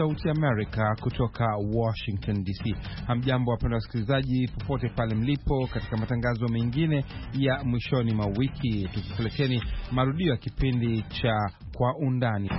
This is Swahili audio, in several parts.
Sauti Amerika kutoka Washington DC. Hamjambo wapenda wasikilizaji, popote pale mlipo, katika matangazo mengine ya mwishoni mwa wiki, tukipelekeni marudio ya kipindi cha Kwa Undani.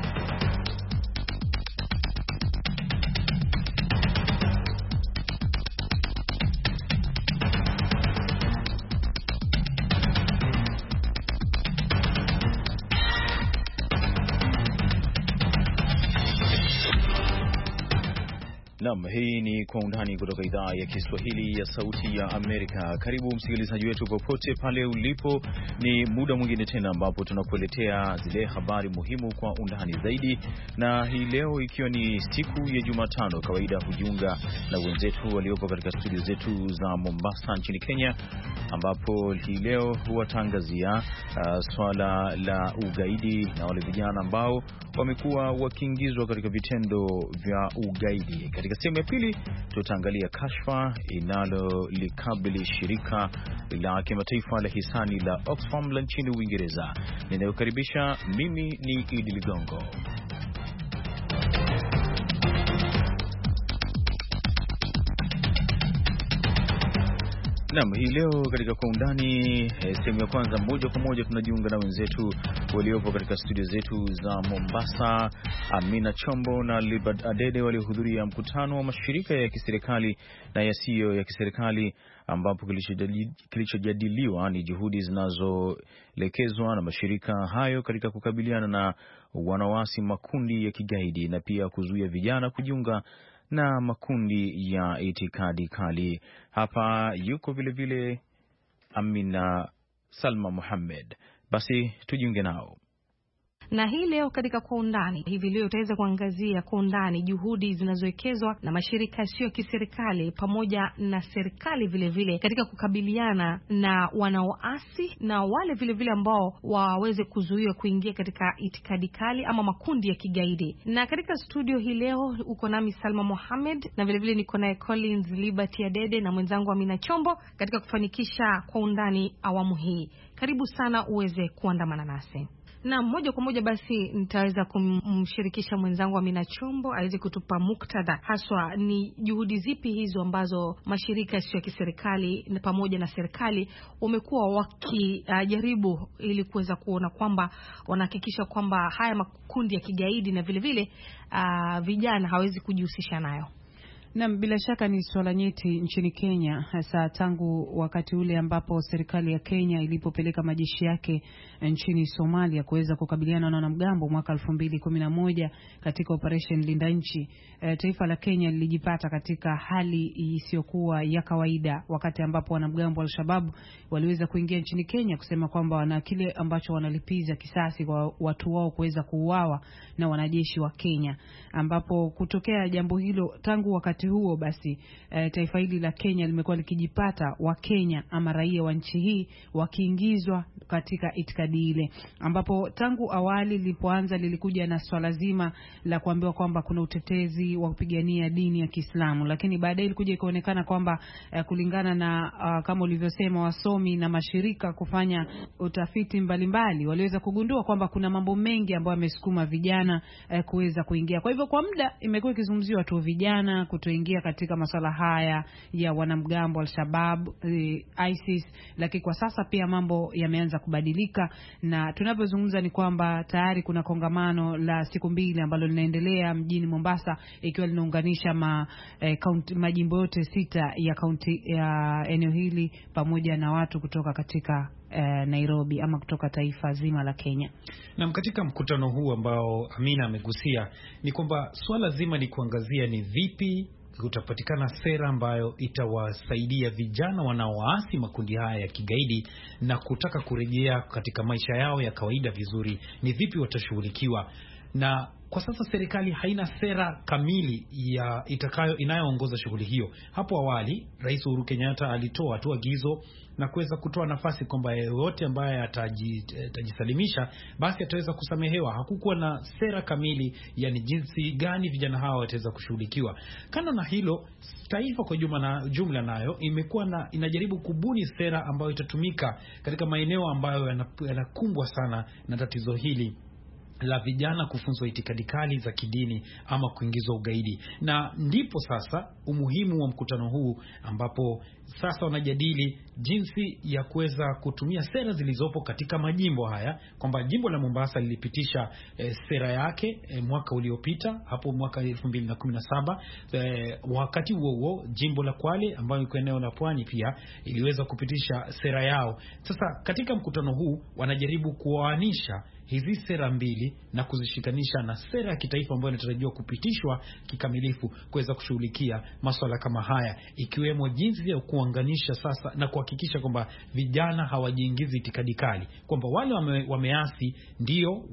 Kwa Undani kutoka idhaa ya Kiswahili ya Sauti ya Amerika. Karibu msikilizaji wetu popote pale ulipo, ni muda mwingine tena ambapo tunakueletea zile habari muhimu kwa undani zaidi, na hii leo ikiwa ni siku ya Jumatano, kawaida hujiunga na wenzetu waliopo katika studio zetu za Mombasa nchini Kenya, ambapo hii leo wataangazia uh, swala la ugaidi na wale vijana ambao wamekuwa wakiingizwa katika vitendo vya ugaidi. Katika sehemu ya pili tutaangalia kashfa inalolikabili shirika la kimataifa la hisani la Oxfam la nchini Uingereza. Ninayokaribisha mimi ni Idi Ligongo. Naam, hii leo katika kwa undani eh, sehemu ya kwanza, moja kwa moja tunajiunga na wenzetu waliopo katika studio zetu za Mombasa, Amina Chombo na Libert Adede waliohudhuria mkutano wa mashirika ya kiserikali na yasiyo ya kiserikali, ambapo kilichojadiliwa ni juhudi zinazoelekezwa na mashirika hayo katika kukabiliana na wanawasi, makundi ya kigaidi na pia kuzuia vijana kujiunga na makundi ya itikadi kali. Hapa yuko vilevile Amina Salma Muhammed. Basi tujiunge nao. Na hii leo katika kwa undani hivi leo utaweza kuangazia kwa undani juhudi zinazowekezwa na mashirika yasiyo ya kiserikali pamoja na serikali vilevile vile, katika kukabiliana na wanaoasi na wale vilevile vile ambao waweze kuzuiwa kuingia katika itikadi kali ama makundi ya kigaidi. Na katika studio hii leo uko nami Salma Mohamed na vilevile niko naye Collins Liberty Adede na mwenzangu Amina Chombo katika kufanikisha kwa undani awamu hii. Karibu sana uweze kuandamana nasi. Na moja kwa moja basi nitaweza kumshirikisha mwenzangu Amina Chombo aweze kutupa muktadha haswa, ni juhudi zipi hizo ambazo mashirika yasiyo ya kiserikali pamoja na serikali wamekuwa wakijaribu uh, ili kuweza kuona kwamba wanahakikisha kwamba haya makundi ya kigaidi na vilevile vile, uh, vijana hawezi kujihusisha nayo. Nam, bila shaka ni swala nyeti nchini Kenya, hasa tangu wakati ule ambapo serikali ya Kenya ilipopeleka majeshi yake nchini Somalia kuweza kukabiliana na wanamgambo mwaka elfu mbili kumi na moja katika operation linda nchi. E, taifa la Kenya lilijipata katika hali isiyokuwa ya kawaida wakati ambapo wanamgambo wa Alshababu waliweza kuingia nchini Kenya kusema kwamba wana kile ambacho wanalipiza kisasi kwa watu wao kuweza kuuawa na wanajeshi wa Kenya, ambapo kutokea jambo hilo tangu wakati wakati huo basi e, taifa hili la Kenya limekuwa likijipata Wakenya ama raia wa nchi hii wakiingizwa katika itikadi ile, ambapo tangu awali lilipoanza lilikuja na swala zima la kuambiwa kwamba kuna utetezi wa kupigania dini ya Kiislamu, lakini baadaye ilikuja ikaonekana kwamba e, kulingana na a, ah, kama ulivyosema wasomi na mashirika kufanya utafiti mbalimbali waliweza kugundua kwamba kuna mambo mengi ambayo yamesukuma vijana e, kuweza kuingia. Kwa hivyo kwa muda imekuwa ikizungumziwa tu vijana kutu kutoingia katika masuala haya ya wanamgambo Al-Shabab, e, ISIS, lakini kwa sasa pia mambo yameanza kubadilika, na tunavyozungumza ni kwamba tayari kuna kongamano la siku mbili ambalo linaendelea mjini Mombasa, ikiwa linaunganisha ma, e, kaunti, majimbo yote sita ya kaunti ya eneo hili pamoja na watu kutoka katika eh, Nairobi ama kutoka taifa zima la Kenya. nam katika mkutano huu ambao Amina amegusia ni kwamba suala zima ni kuangazia ni vipi kutapatikana sera ambayo itawasaidia vijana wanaowaasi makundi haya ya kigaidi na kutaka kurejea katika maisha yao ya kawaida vizuri, ni vipi watashughulikiwa? na kwa sasa serikali haina sera kamili ya itakayo inayoongoza shughuli hiyo. Hapo awali Rais Uhuru Kenyatta alitoa tu agizo na kuweza kutoa nafasi kwamba yeyote ambaye atajisalimisha basi ataweza kusamehewa. Hakukuwa na sera kamili, yani jinsi gani vijana hawa wataweza kushughulikiwa. Kando na hilo, taifa kwa jumla, na jumla nayo imekuwa na inajaribu kubuni sera ambayo itatumika katika maeneo ambayo yanakumbwa sana na tatizo hili la vijana kufunzwa itikadi kali za kidini ama kuingizwa ugaidi, na ndipo sasa umuhimu wa mkutano huu ambapo sasa wanajadili jinsi ya kuweza kutumia sera zilizopo katika majimbo haya, kwamba jimbo la Mombasa lilipitisha e, sera yake e, mwaka uliopita hapo mwaka 2017. E, eh, wakati huo huo jimbo la Kwale ambayo iko eneo la Pwani pia iliweza kupitisha sera yao. Sasa katika mkutano huu wanajaribu kuoanisha hizi sera mbili na kuzishikanisha na sera ya kitaifa ambayo inatarajiwa kupitishwa kikamilifu kuweza kushughulikia masuala kama haya ikiwemo jinsi ya kuanganisha sasa na kuhakikisha kwamba vijana hawajiingizi itikadi kali, kwamba wale wame, wameasi ndio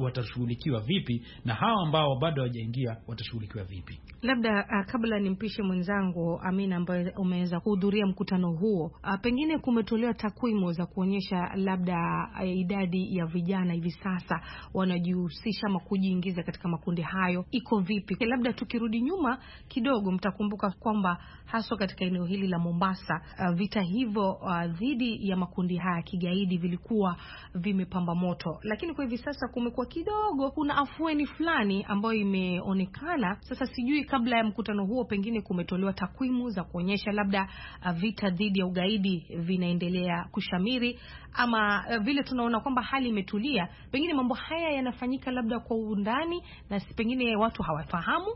watashughulikiwa vipi na hawa ambao bado hawajaingia watashughulikiwa vipi? Labda uh, kabla nimpishe mwenzangu Amina ambaye umeweza kuhudhuria mkutano huo, uh, pengine kumetolewa takwimu za kuonyesha labda uh, idadi ya vijana hivi sasa wanajihusisha ama kujiingiza katika makundi hayo iko vipi? Labda tukirudi nyuma kidogo, mtakumbuka kwamba haswa katika eneo hili la Mombasa Mombasa. Uh, vita hivyo uh, dhidi ya makundi haya ya kigaidi vilikuwa vimepamba moto, lakini kwa hivi sasa kumekuwa kidogo kuna afueni fulani ambayo imeonekana. Sasa sijui kabla ya mkutano huo pengine kumetolewa takwimu za kuonyesha labda uh, vita dhidi ya ugaidi vinaendelea kushamiri ama uh, vile tunaona kwamba hali imetulia, pengine mambo haya yanafanyika labda kwa undani na pengine watu hawafahamu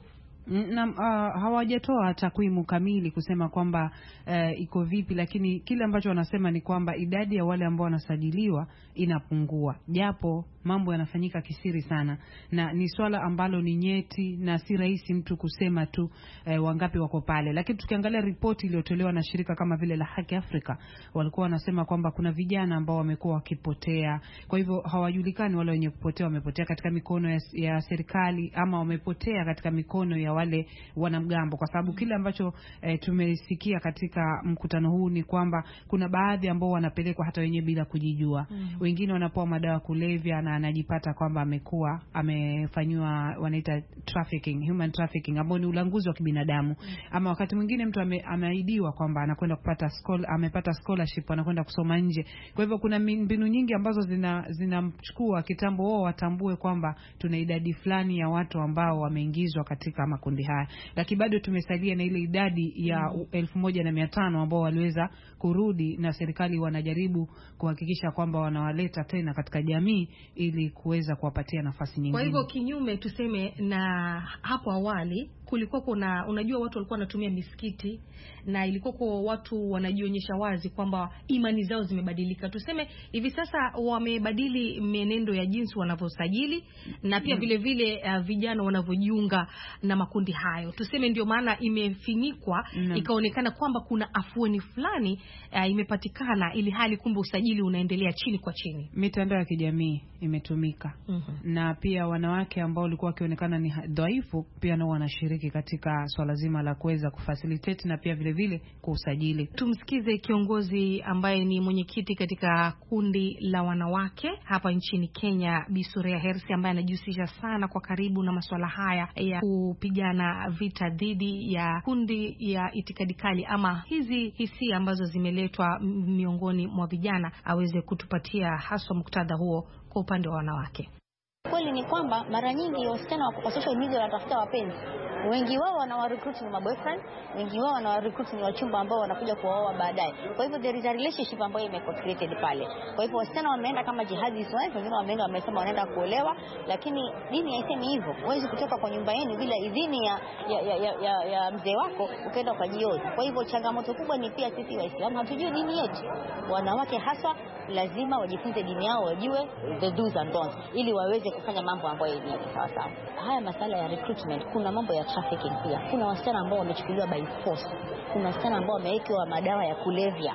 na uh, hawajatoa takwimu kamili kusema kwamba uh, iko vipi, lakini kile ambacho wanasema ni kwamba idadi ya wale ambao wanasajiliwa inapungua, japo mambo yanafanyika kisiri sana, na ni swala ambalo ni nyeti na si rahisi mtu kusema tu uh, wangapi wako pale. Lakini tukiangalia ripoti iliyotolewa na shirika kama vile la Haki Afrika, walikuwa wanasema kwamba kuna vijana ambao wamekuwa wakipotea, kwa hivyo hawajulikani wale wenye kupotea wamepotea katika mikono ya, ya serikali ama wamepotea katika mikono ya wale wanamgambo, kwa sababu kile ambacho eh, tumesikia katika mkutano huu ni kwamba kuna baadhi ambao wanapelekwa hata wenyewe bila kujijua mm -hmm. Wengine wanapoa madawa kulevya na anajipata kwamba amekuwa amefanywa wanaita trafficking, human trafficking ambao ni ulanguzi wa kibinadamu mm -hmm. Ama wakati mwingine mtu ame, ameahidiwa kwamba anakwenda kupata school, amepata scholarship anakwenda kusoma nje. Kwa hivyo kuna mbinu nyingi ambazo zinamchukua zina kitambo wao watambue kwamba tuna idadi fulani ya watu ambao wameingizwa katika makundi makundi haya, lakini bado tumesalia na ile idadi ya mm. elfu moja na mia tano ambao waliweza kurudi, na serikali wanajaribu kuhakikisha kwamba wanawaleta tena katika jamii ili kuweza kuwapatia nafasi nyingine. Kwa hivyo kinyume tuseme na hapo awali kulikuwa kuna, unajua watu walikuwa wanatumia misikiti na ilikuwa kwa watu wanajionyesha wazi kwamba imani zao zimebadilika. Tuseme hivi sasa wamebadili menendo ya jinsi wanavyosajili na pia mm, vile vile uh, vijana wanavyojiunga na makundi makundi hayo, tuseme ndio maana imefinyikwa mm. Ikaonekana kwamba kuna afueni fulani uh, imepatikana, ili hali kumbe usajili unaendelea chini kwa chini. Mitandao ya kijamii imetumika mm -hmm. Na pia wanawake ambao walikuwa wakionekana ni dhaifu pia nao wanashiriki katika swala zima la kuweza kufacilitate na pia vile vile kusajili. Tumsikize kiongozi ambaye ni mwenyekiti katika kundi la wanawake hapa nchini Kenya, Bisuria Hersi ambaye anajihusisha sana kwa karibu na masuala haya ya kupiga kuhusiana na vita dhidi ya kundi ya itikadi kali ama hizi hisia ambazo zimeletwa miongoni mwa vijana, aweze kutupatia haswa muktadha huo kwa upande wa wanawake. Kweli ni kwamba mara nyingi wasichana wa social media wanatafuta wapenzi Wengi wao wanawarecruit ni maboyfriend, wengi wao wanawarecruit ni wachumba ambao wanakuja kuwaoa baadaye. Kwa hivyo there is a relationship ambayo imekuwa created pale. Kwa hivyo wasichana wameenda kama jihadi wife, wengine wameenda wamesema wanaenda kuolewa, lakini dini haisemi hivyo. Huwezi kutoka kwa nyumba yenu bila idhini ya, ya, ya, ya, ya, ya mzee wako ukaenda kwa jiozi. Kwa hivyo changamoto kubwa ni pia sisi Waislamu hatujui dini yetu. Wanawake haswa lazima wajifunze dini yao, wajue the do's and don'ts ili waweze kufanya mambo ambayo ni sawa sawa. Haya masala ya recruitment, kuna mambo ya trafficking pia. Kuna wasichana ambao wamechukuliwa by force, kuna wasichana ambao wamewekewa madawa ya kulevya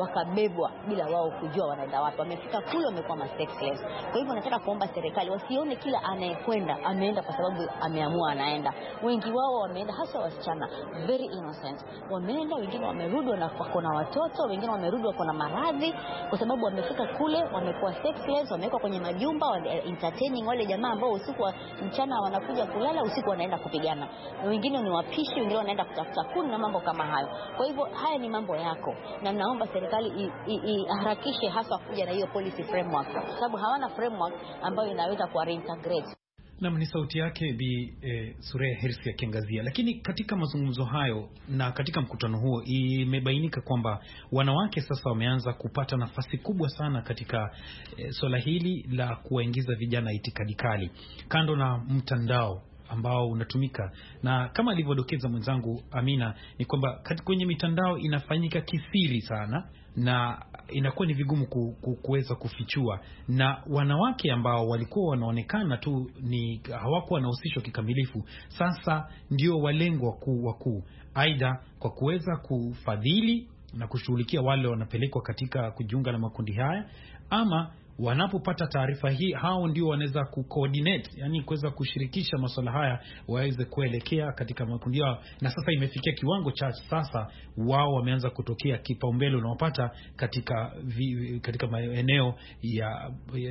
wakabebwa bila wao kujua wanaenda wapi, wamefika kule, wamekuwa ma sexless. Kwa hivyo nataka kuomba serikali wasione kila anayekwenda ameenda kwa sababu ameamua anaenda. Wengi wao wameenda, hasa wasichana, very innocent, wameenda. Wengine wamerudi wako na watoto, wengine wamerudi wako na maradhi, kwa sababu wamefika kule, wamekuwa sexless, wamewekwa kwenye majumba eh, entertaining wale jamaa ambao usiku wa mchana wanakuja kulala, usiku wanaenda kupigana, wengine ni wapishi, wengine wanaenda kutafuta kuni na mambo kama hayo. Kwa hivyo haya ni mambo yako, na naomba serikali serikali iharakishe haswa kuja na hiyo policy framework, kwa sababu hawana framework ambayo inaweza kuwa reintegrate. Nam ni sauti yake Bi e, eh, Sureya Hersi akiangazia. Lakini katika mazungumzo hayo na katika mkutano huo imebainika kwamba wanawake sasa wameanza kupata nafasi kubwa sana katika e, swala hili la kuwaingiza vijana itikadi kali, kando na mtandao ambao unatumika, na kama alivyodokeza mwenzangu Amina ni kwamba kwenye mitandao inafanyika kisiri sana na inakuwa ni vigumu ku, ku, kuweza kufichua, na wanawake ambao walikuwa wanaonekana tu ni hawakuwa wanahusishwa kikamilifu, sasa ndio walengwa wakuu wakuu, aidha kwa kuweza kufadhili na kushughulikia wale wanapelekwa katika kujiunga na makundi haya ama wanapopata taarifa hii, hao ndio wanaweza kucoordinate, yani kuweza kushirikisha masuala haya waweze kuelekea katika makundi yao. Na sasa imefikia kiwango cha sasa, wao wameanza kutokea kipaumbele unaopata katika vi, katika maeneo ya,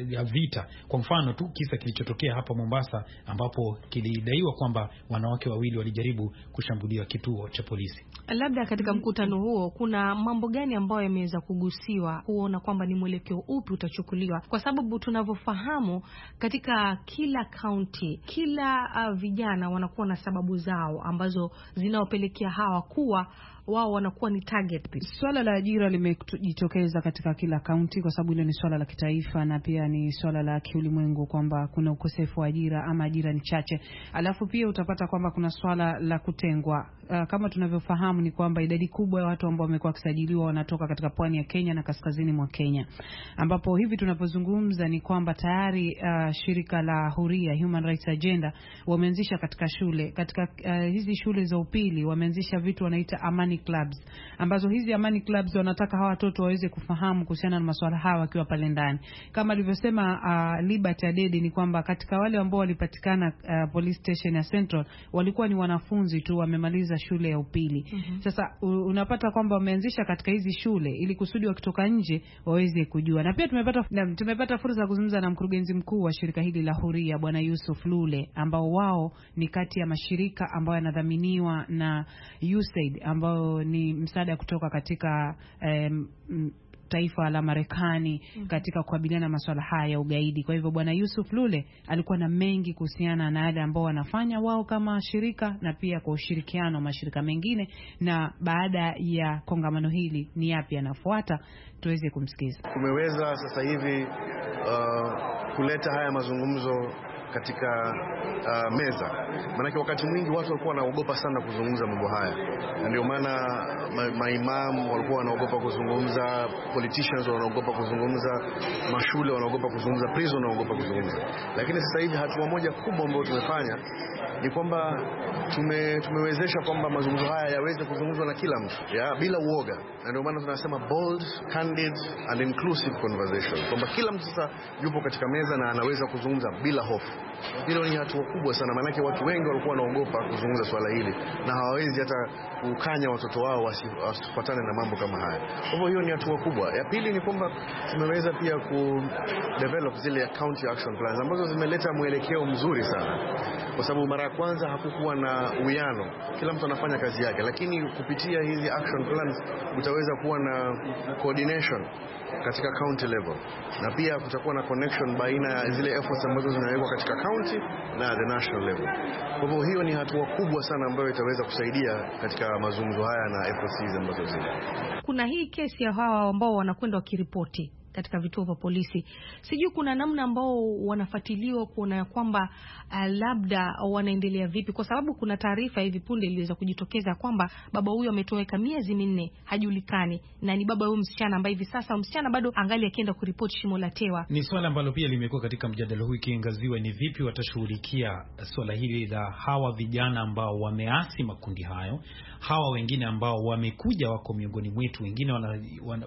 ya vita. Kwa mfano tu kisa kilichotokea hapa Mombasa, ambapo kilidaiwa kwamba wanawake wawili walijaribu kushambulia kituo cha polisi. Labda katika mm-hmm. mkutano huo kuna mambo gani ambayo yameweza kugusiwa kuona kwamba ni mwelekeo upi utachukuliwa, kwa sababu tunavyofahamu katika kila kaunti, kila uh, vijana wanakuwa na sababu zao ambazo zinaopelekea hawa kuwa wao wanakuwa ni target. Swala la ajira limejitokeza katika kila kaunti, kwa sababu hilo ni swala la kitaifa na pia ni swala la kiulimwengu, kwamba kuna ukosefu wa ajira ama ajira ni chache. Alafu pia utapata kwamba kuna swala la kutengwa, uh, kama tunavyofahamu tunafahamu ni kwamba idadi kubwa ya watu ambao wamekuwa wakisajiliwa wanatoka katika pwani ya Kenya na kaskazini mwa Kenya, ambapo hivi tunapozungumza ni kwamba tayari uh, shirika la Huria Human Rights Agenda wameanzisha katika shule katika uh, hizi shule za upili wameanzisha vitu wanaita amani clubs, ambazo hizi amani clubs wanataka hawa watoto waweze kufahamu kuhusiana na masuala haya wakiwa pale ndani. Kama alivyosema uh, Liberty Adede ni kwamba katika wale ambao walipatikana uh, police station ya Central walikuwa ni wanafunzi tu wamemaliza shule ya upili. Mm -hmm. Sasa unapata kwamba wameanzisha katika hizi shule ili kusudi wakitoka nje waweze kujua, na pia tumepata na, tumepata fursa ya kuzungumza na mkurugenzi mkuu wa shirika hili la Huria Bwana Yusuf Lule, ambao wao ni kati ya mashirika ambayo yanadhaminiwa na USAID ambayo ni msaada kutoka katika eh, taifa la Marekani mm. katika kukabiliana na masuala haya ya ugaidi. Kwa hivyo Bwana Yusuf Lule alikuwa na mengi kuhusiana na yale ambao wanafanya wao kama shirika na pia kwa ushirikiano wa mashirika mengine, na baada ya kongamano hili ni yapi yanafuata, tuweze kumsikiza. Tumeweza sasa hivi uh, kuleta haya mazungumzo katika uh, meza. Maanake wakati mwingi watu walikuwa wanaogopa sana kuzungumza mambo haya, na ndio maana maimamu ma walikuwa wanaogopa kuzungumza, politicians wanaogopa kuzungumza, mashule wanaogopa kuzungumza, prison wanaogopa kuzungumza. Lakini sasa hivi hatua moja kubwa ambayo tumefanya ni kwamba tume, tumewezesha kwamba mazungumzo haya yaweze kuzungumzwa na kila mtu ya, bila uoga, na ndio maana tunasema bold, candid and inclusive conversation, kwamba kila mtu sasa yupo katika meza na anaweza kuzungumza bila hofu. Hilo ni hatua kubwa sana, maanake watu wengi walikuwa wanaogopa kuzungumza swala hili na hawawezi hata kukanya watoto wao wasifuatane na mambo kama haya. Kwa hivyo hiyo ni hatua kubwa. Ya pili ni kwamba tumeweza pia ku develop zile county action plans ambazo zimeleta mwelekeo mzuri sana, kwa sababu mara ya kwanza hakukuwa na uwiano, kila mtu anafanya kazi yake, lakini kupitia hizi action plans utaweza kuwa na coordination katika county level na pia kutakuwa na connection baina ya zile efforts ambazo zinawekwa katika katika kaunti na the national level. Kwa hivyo hiyo ni hatua kubwa sana ambayo itaweza kusaidia katika mazungumzo haya na FCs ambazo zina. Kuna hii kesi ya hawa ambao wanakwenda wakiripoti katika vituo vya polisi. Sijui kuna namna ambao wanafuatiliwa kuona kwamba uh, labda wanaendelea vipi, kwa sababu kuna taarifa hivi punde iliweza kujitokeza kwamba baba huyo ametoweka miezi minne, hajulikani na ni baba huyo msichana ambaye hivi sasa msichana bado angali akienda kuripoti shimo la tewa. Ni swala ambalo pia limekuwa katika mjadala huu, ikiangaziwa ni vipi watashughulikia swala hili la hawa vijana ambao wameasi makundi hayo, hawa wengine ambao wamekuja wako miongoni mwetu, wengine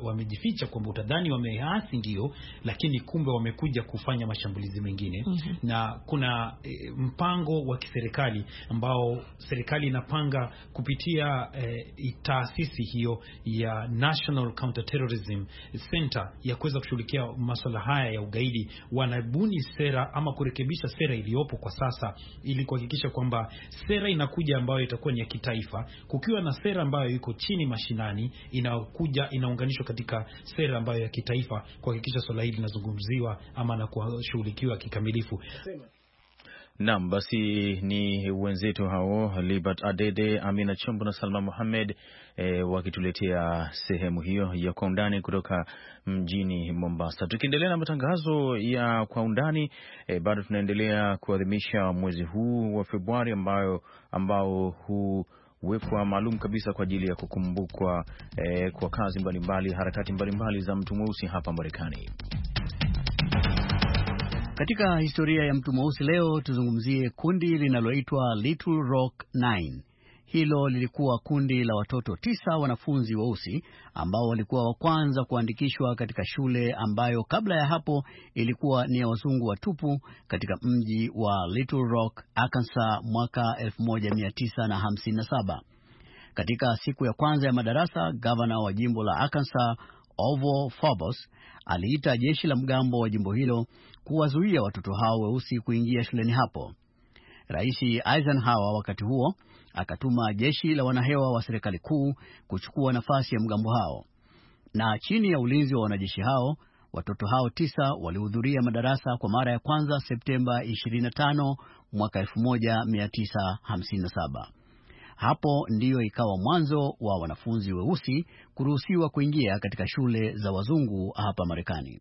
wamejificha kwamba utadhani wame waasi ndio, lakini kumbe wamekuja kufanya mashambulizi mengine mm -hmm. na kuna e, mpango wa kiserikali ambao serikali inapanga kupitia e, taasisi hiyo ya National Counterterrorism Center ya kuweza kushughulikia masuala haya ya ugaidi. Wanabuni sera ama kurekebisha sera iliyopo kwa sasa ili kuhakikisha kwamba sera inakuja ambayo itakuwa ni ya kitaifa, kukiwa na sera ambayo iko chini mashinani inakuja inaunganishwa katika sera ambayo ya kitaifa kuhakikisha swala hili linazungumziwa ama na kushughulikiwa kikamilifu. Naam, basi ni wenzetu hao Libert Adede, Amina Chombo na Salma Muhamed e, eh, wakituletea sehemu hiyo ya kwa undani kutoka mjini Mombasa. Tukiendelea na matangazo ya kwa undani e, bado tunaendelea kuadhimisha mwezi huu wa Februari ambayo ambao huu kuwekwa maalum kabisa kwa ajili ya kukumbukwa eh, kwa kazi mbalimbali, harakati mbalimbali za mtu mweusi hapa Marekani. Katika historia ya mtu mweusi leo, tuzungumzie kundi linaloitwa Little Rock Nine. Hilo lilikuwa kundi la watoto tisa wanafunzi weusi ambao walikuwa wa kwanza kuandikishwa katika shule ambayo kabla ya hapo ilikuwa ni ya wazungu watupu katika mji wa Little Rock, Arkansas mwaka 1957. Katika siku ya kwanza ya madarasa, gavana wa jimbo la Arkansas ovo Forbes aliita jeshi la mgambo wa jimbo hilo kuwazuia watoto hao weusi kuingia shuleni hapo. Rais Eisenhower wakati huo akatuma jeshi la wanahewa wa serikali kuu kuchukua nafasi ya mgambo hao, na chini ya ulinzi wa wanajeshi hao watoto hao tisa walihudhuria madarasa kwa mara ya kwanza Septemba 25 mwaka 1957. Hapo ndiyo ikawa mwanzo wa wanafunzi weusi kuruhusiwa kuingia katika shule za wazungu hapa Marekani.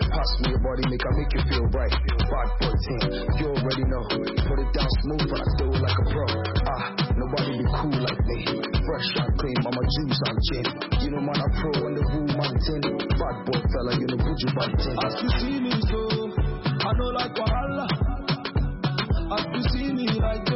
Trust me, your body make I make you feel right. Bad boy team, you already know. Put it down smooth, but I do it like a pro. Ah, nobody be cool like me. Fresh, I'm clean, mama juice, on chain. gin. You know, man, i pro on the roof man, tin. Bad boy fella, you know, who you bad tin? As you see me, so I know like Wahala. As you see me, like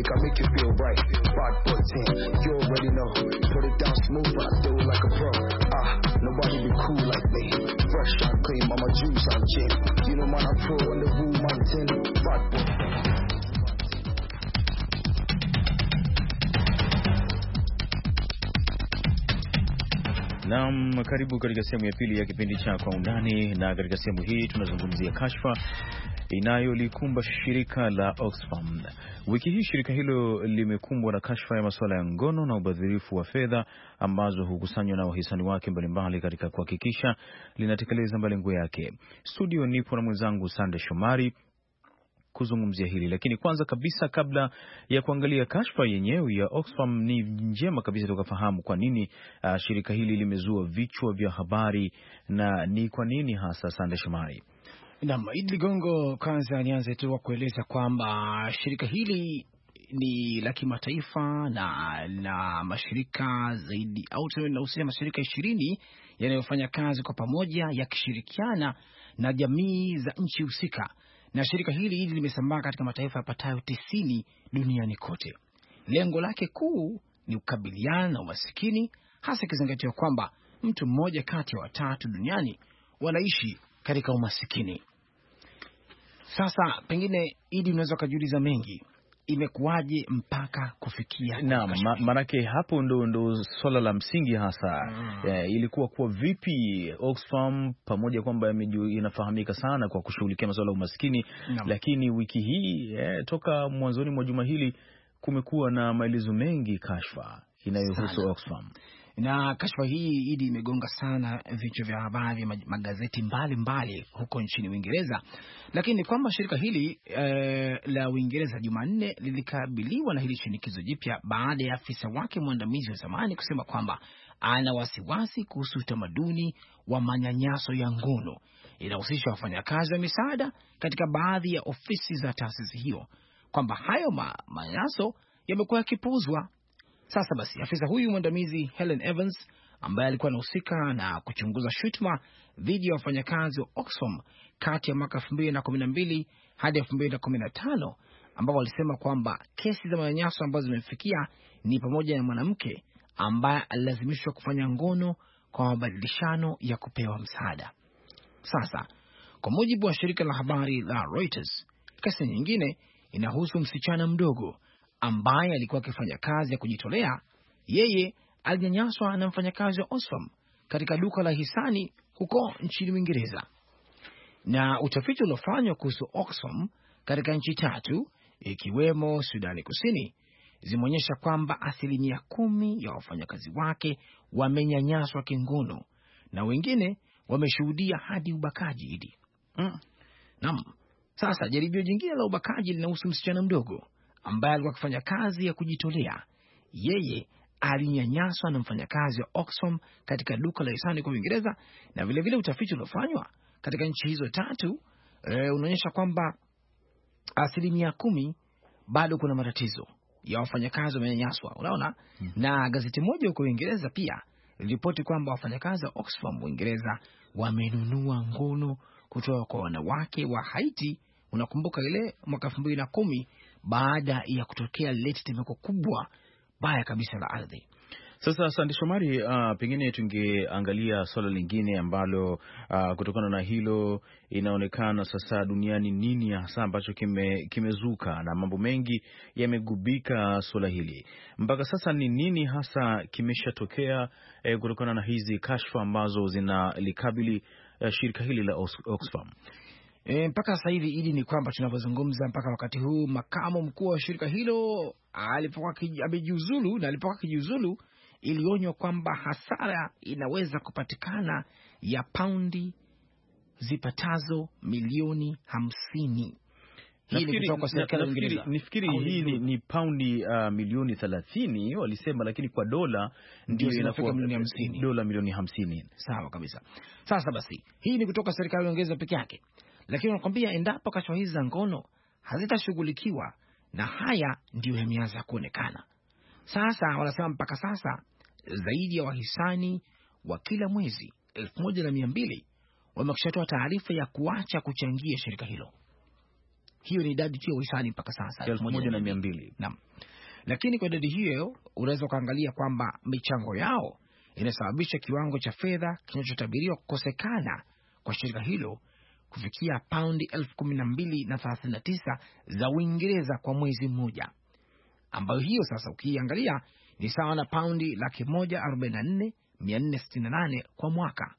make I make you feel right. Bad boy team, you already know. Put it down smooth, but I do it like a pro. Ah, nobody be cool like me. Fresh and clean, mama juice and gin. You know man, pro on the woo mountain. Bad boy. Naam, karibu katika sehemu ya pili ya kipindi cha Kwa Undani, na katika sehemu hii tunazungumzia kashfa inayolikumba shirika la Oxfam. Wiki hii shirika hilo limekumbwa na kashfa ya masuala ya ngono na ubadhirifu wa fedha ambazo hukusanywa na wahisani wake mbalimbali katika kuhakikisha linatekeleza malengo yake. Studio nipo na mwenzangu Sande Shomari kuzungumzia hili lakini kwanza kabisa, kabla ya kuangalia kashfa yenyewe ya Oxfam, ni njema kabisa tukafahamu kwa nini uh, shirika hili limezua vichwa vya habari na ni kwa nini hasa, Sande Shomari? Naam, Idi Ligongo, kwanza nianze tu kueleza kwamba shirika hili ni la kimataifa na na mashirika zaidi au linahusisha mashirika ishirini yanayofanya kazi kwa pamoja yakishirikiana na jamii za nchi husika, na shirika hili hili limesambaa katika mataifa yapatayo tisini duniani kote. Lengo lake kuu ni kukabiliana na umasikini, hasa ikizingatiwa kwamba mtu mmoja kati ya watatu duniani wanaishi katika umasikini. Sasa pengine, Idi, unaweza ukajiuliza mengi imekuwaje mpaka kufikia naam. Maanake hapo ndo, ndo swala la msingi hasa mm. E, ilikuwa kuwa vipi Oxfam pamoja kwamba inafahamika sana kwa kushughulikia masuala ya umaskini no. Lakini wiki hii e, toka mwanzoni mwa juma hili kumekuwa na maelezo mengi kashfa inayohusu Oxfam. Na kashfa hii idi imegonga sana vichwa vya habari vya magazeti mbalimbali mbali huko nchini Uingereza, lakini ni kwamba shirika hili e, la Uingereza Jumanne lilikabiliwa na hili shinikizo jipya baada ya afisa wake mwandamizi wa zamani kusema kwamba ana wasiwasi kuhusu utamaduni wa manyanyaso ya ngono inahusisha wafanyakazi wa misaada katika baadhi ya ofisi za taasisi hiyo, kwamba hayo manyanyaso yamekuwa yakipuuzwa sasa basi, afisa huyu mwandamizi Helen Evans ambaye alikuwa anahusika na kuchunguza shutuma dhidi ya wafanyakazi wa Oxfam kati ya mwaka mbili hadi tano ambao walisema kwamba kesi za manyanyaso ambazo zimefikia ni pamoja na mwanamke ambaye alilazimishwa kufanya ngono kwa mabadilishano ya kupewa msaada. Sasa, kwa mujibu wa shirika la habari la Reuters, kesi nyingine inahusu msichana mdogo ambaye alikuwa akifanya kazi ya kujitolea, yeye alinyanyaswa na mfanyakazi wa Oxfam katika duka la hisani huko nchini Uingereza. Na utafiti uliofanywa kuhusu Oxfam katika nchi tatu ikiwemo Sudani Kusini zimeonyesha kwamba asilimia kumi ya wafanyakazi wake wamenyanyaswa kingono na wengine wameshuhudia hadi ubakaji. Idi mm. Nam, sasa jaribio jingine la ubakaji linahusu msichana mdogo ambaye alikuwa akifanya kazi ya kujitolea yeye alinyanyaswa na mfanyakazi wa Oxfam katika duka la hisani kwa Uingereza, na vilevile vile utafiti uliofanywa katika nchi hizo tatu e, unaonyesha kwamba asilimia kumi bado kuna matatizo ya wafanyakazi wamenyanyaswa, unaona mm -hmm. Na gazeti moja huko Uingereza pia iliripoti kwamba wafanyakazi wa Oxfam Uingereza wamenunua ngono kutoka kwa wanawake wa Haiti. Unakumbuka ile mwaka elfu mbili na kumi baada ya kutokea lile tetemeko kubwa baya kabisa la ardhi. Sasa Sande Shomari, uh, pengine tungeangalia swala lingine ambalo uh, kutokana na hilo inaonekana sasa duniani nini hasa ambacho kime, kimezuka na mambo mengi yamegubika swala hili mpaka sasa. Ni nini hasa kimeshatokea eh, kutokana na hizi kashfa ambazo zinalikabili eh, shirika hili la Oxfam? E, mpaka sasa hivi Idi, ni kwamba tunavyozungumza mpaka wakati huu makamu mkuu wa shirika hilo alipokuwa amejiuzulu na alipokuwa akijiuzulu, ilionywa kwamba hasara inaweza kupatikana ya paundi zipatazo milioni hamsini. Nifikiri hii ni, ni paundi uh, milioni thelathini walisema, lakini kwa dola ndio inafika milioni hamsini. Dola milioni hamsini. Sawa kabisa. Sasa basi, hii ni kutoka serikali nyongeza peke yake lakini wanakwambia endapo kashfa hizi za ngono hazitashughulikiwa, na haya ndiyo yameanza kuonekana sasa. Wanasema mpaka sasa zaidi ya wahisani wa kila mwezi elfu moja na mia mbili wamekushatoa taarifa ya kuacha kuchangia shirika hilo. Hiyo ni idadi tu ya wahisani mpaka sasa elfu moja na mia mbili. Naam, lakini kwa idadi hiyo unaweza ukaangalia kwamba michango yao inasababisha kiwango cha fedha kinachotabiriwa kukosekana kwa shirika hilo kufikia paundi elfu kumi na mbili na thelathini na tisa za Uingereza kwa mwezi mmoja, ambayo hiyo sasa ukiiangalia ni sawa na paundi laki moja arobaini na nne mia nne sitini na nane kwa mwaka,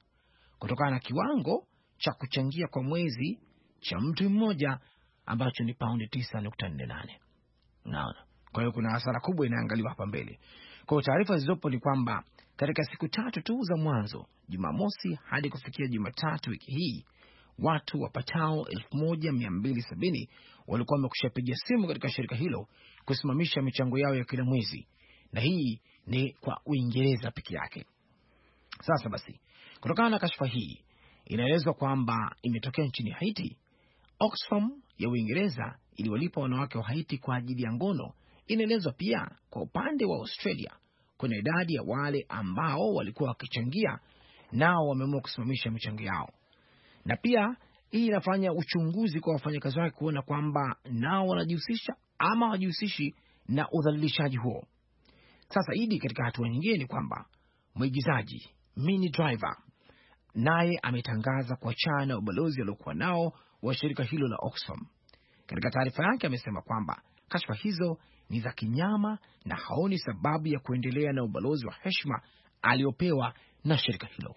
kutokana na kiwango cha kuchangia kwa mwezi cha mtu mmoja ambacho ni paundi tisa nukta nne nane. Naona kwa hiyo kuna hasara kubwa inayoangaliwa hapa mbele. Kwa hiyo taarifa zilizopo ni kwamba katika siku tatu tu za mwanzo, Jumamosi hadi kufikia Jumatatu wiki hii, watu wapatao 1270 walikuwa wamekushapiga simu katika shirika hilo kusimamisha michango yao ya kila mwezi, na hii ni kwa Uingereza peke yake. Sasa basi, kutokana na kashfa hii inaelezwa kwamba imetokea nchini Haiti. Oxfam ya Uingereza iliwalipa wanawake wa Haiti kwa ajili ya ngono. Inaelezwa pia kwa upande wa Australia kuna idadi ya wale ambao walikuwa wakichangia, nao wameamua kusimamisha michango yao na pia hii inafanya uchunguzi kwa wafanyakazi wake kuona kwamba nao wanajihusisha ama wajihusishi na udhalilishaji huo. Sasa Idi, katika hatua nyingine ni kwamba mwigizaji Mini Driver naye ametangaza kuachana na ubalozi aliokuwa nao wa shirika hilo la Oxfam. Katika taarifa yake amesema kwamba kashfa hizo ni za kinyama na haoni sababu ya kuendelea na ubalozi wa heshima aliopewa na shirika hilo.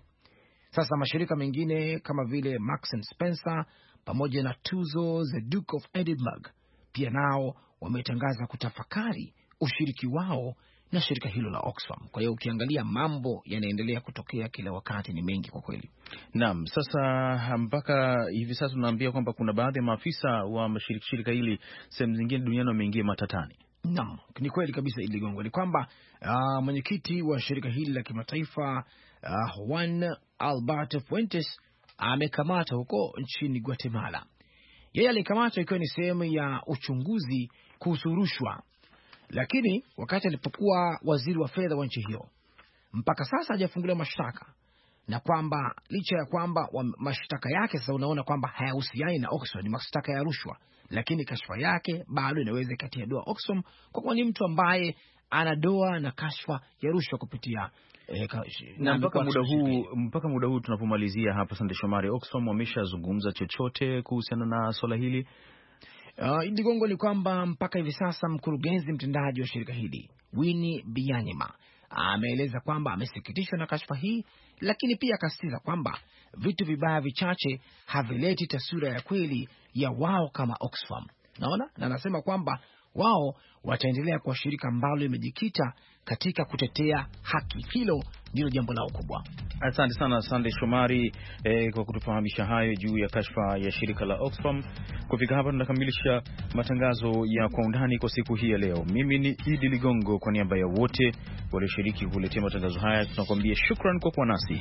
Sasa mashirika mengine kama vile Marks and Spencer pamoja na tuzo za Duke of Edinburgh pia nao wametangaza kutafakari ushiriki wao na shirika hilo la Oxfam. Kwa hiyo ukiangalia mambo yanaendelea kutokea kila wakati, ni mengi kwa kweli. Naam, sasa mpaka hivi sasa tunaambia kwamba kuna baadhi ya maafisa wa shirika hili sehemu zingine duniani wameingia matatani. Naam, ni kweli kabisa. Ili ligongo ni kwamba ah, mwenyekiti wa shirika hili la kimataifa uh, Juan Alberto Fuentes amekamatwa huko nchini Guatemala. Yeye alikamatwa ikiwa ni sehemu ya uchunguzi kuhusu rushwa, lakini wakati alipokuwa waziri wa fedha wa nchi hiyo, mpaka sasa hajafunguliwa mashtaka, na kwamba licha ya kwamba mashtaka yake sasa, unaona kwamba hayahusiani na ni mashtaka ya rushwa, lakini kashfa yake bado inaweza ikatia doa Oxfam kwa kuwa ni mtu ambaye ana doa na kashfa ya rushwa kupitia Eh, na mpaka muda huu mpaka muda huu tunapomalizia hapa, Sande Shomari, Oxfam wameshazungumza chochote kuhusiana na swala hili? Uh, Idi Gongo, ni kwamba mpaka hivi sasa mkurugenzi mtendaji wa shirika hili Winnie Byanyima ameeleza kwamba amesikitishwa na kashfa hii, lakini pia akasisitiza kwamba vitu vibaya vichache havileti taswira ya kweli ya wao kama Oxfam, naona na anasema kwamba wao wataendelea kwa shirika ambalo limejikita katika kutetea haki. Hilo ndilo jambo lao kubwa. Asante sana Sande Shomari eh, kwa kutufahamisha hayo juu ya kashfa ya shirika la Oxfam. Kufika hapa tunakamilisha matangazo ya Kwa Undani kwa siku hii ya leo. Mimi ni Idi Ligongo, kwa niaba ya wote walioshiriki kuletea matangazo haya tunakuambia shukran kwa kuwa nasi.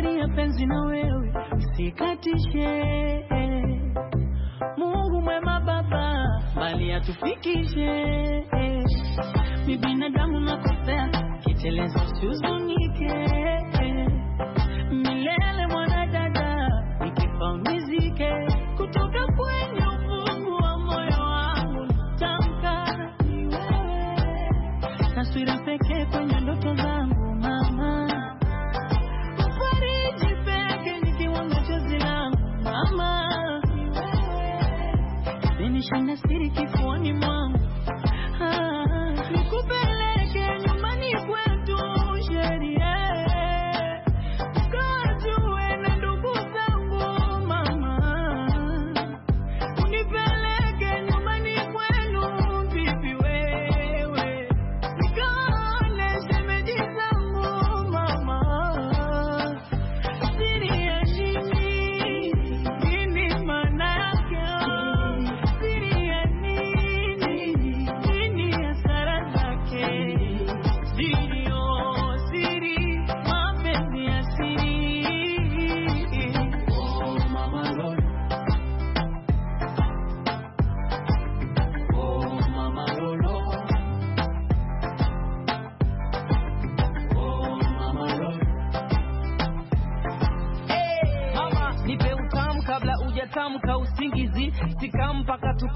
safari ya penzi na wewe sikatishe Mungu mwema Baba, mbali atufikishe. Mi binadamu nakosea, kiteleza, usihuzunike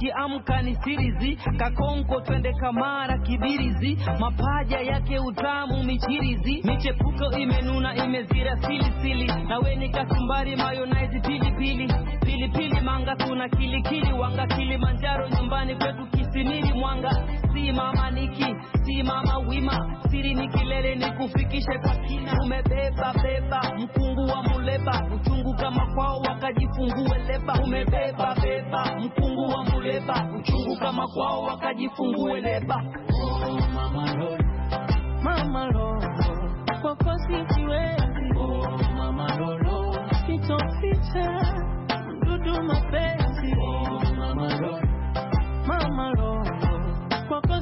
nikiamka ni sirizi, kakonko twende kamara kibirizi, mapaja yake utamu michirizi, michepuko imenuna imezira silisili, we ni kasumbari mayonaizi pilipili pilipili pili, manga kuna kilikili wanga Kilimanjaro nyumbani kwetu kisimiri mwanga si mama niki si mama wima, siri ni kilele, ni kufikishe kwa kina. Umebeba beba mkungu wa muleba, uchungu kama kwao wakajifungue leba. Umebeba beba mkungu wa muleba, uchungu kama kwao wakajifungue leba. Oh, mama lo, mama lo, makosi siwezi. Oh, mama lo lo, sitoficha mdudu mapenzi. Oh, mama lo, mama lo